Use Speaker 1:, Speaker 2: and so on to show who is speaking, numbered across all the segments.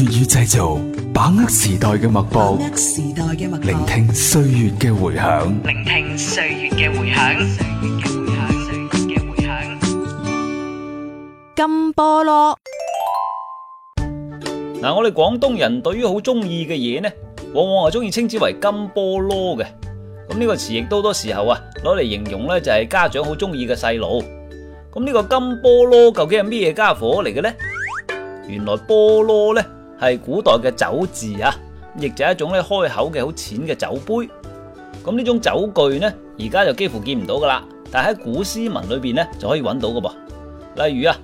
Speaker 1: 粵語製造，把握時代嘅脈搏，
Speaker 2: 聆聽歲月嘅回響。聆聽歲月嘅回響。金菠蘿，
Speaker 3: 嗱，我哋廣東人對於好中意嘅嘢呢，往往係中意稱之為金菠蘿嘅。咁呢個詞亦都好多時候啊，攞嚟形容咧就係家長好中意嘅細路。咁呢個金菠蘿究竟係咩嘢家伙嚟嘅呢？原來菠蘿咧。係古代嘅酒字啊，亦就係一種咧開口嘅好淺嘅酒杯。咁呢種酒具呢，而家就幾乎見唔到噶啦。但係喺古詩文裏邊呢，就可以揾到噶噃。例如啊，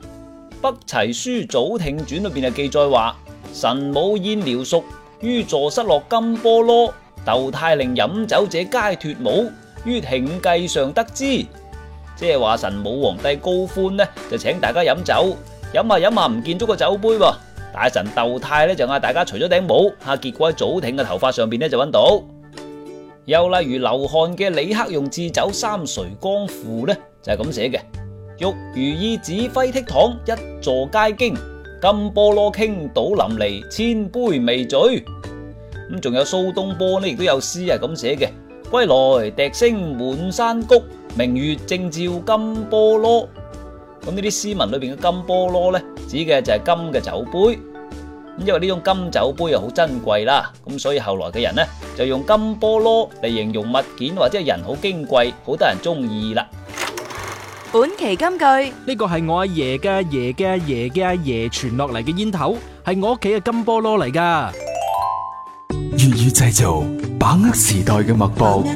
Speaker 3: 《北齊書·祖珽傳》裏邊就記載話：神武宴僚屬於座失落金叵羅，竇泰令飲酒者皆脱帽於珽髻上得之，即係話神武皇帝高歡呢，就請大家飲酒，飲下飲下唔見咗個酒杯噃。大神竇泰咧就嗌大家除咗頂帽，嚇結果，喺祖珽嘅頭髮上邊咧就揾到。又例如劉翰嘅李克用置酒三垂崗賦咧就係咁寫嘅：玉如意指揮倜儻，一座皆驚；金叵羅傾倒淋漓，千杯未醉。咁仲有蘇東坡咧亦都有詩係咁寫嘅：歸來笛聲滿山谷，明月正照金叵羅。咁呢啲詩文裏邊嘅金叵羅咧，指嘅就係金嘅酒杯。咁因為呢種金酒杯又好珍貴啦，咁所以後來嘅人咧就用金叵羅嚟形容物件或者係人好矜貴、好多人中意啦。
Speaker 1: 本期金
Speaker 3: 句，呢個係我阿爺嘅阿爺嘅阿爺嘅阿爺傳落嚟嘅煙頭，係我屋企嘅
Speaker 2: 金叵羅嚟㗎。
Speaker 1: 粵語製造，把握時代嘅脈搏、
Speaker 2: 搏，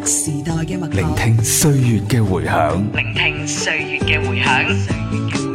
Speaker 2: 聆聽
Speaker 1: 歲月嘅回響，聆
Speaker 2: 聽歲月嘅回響。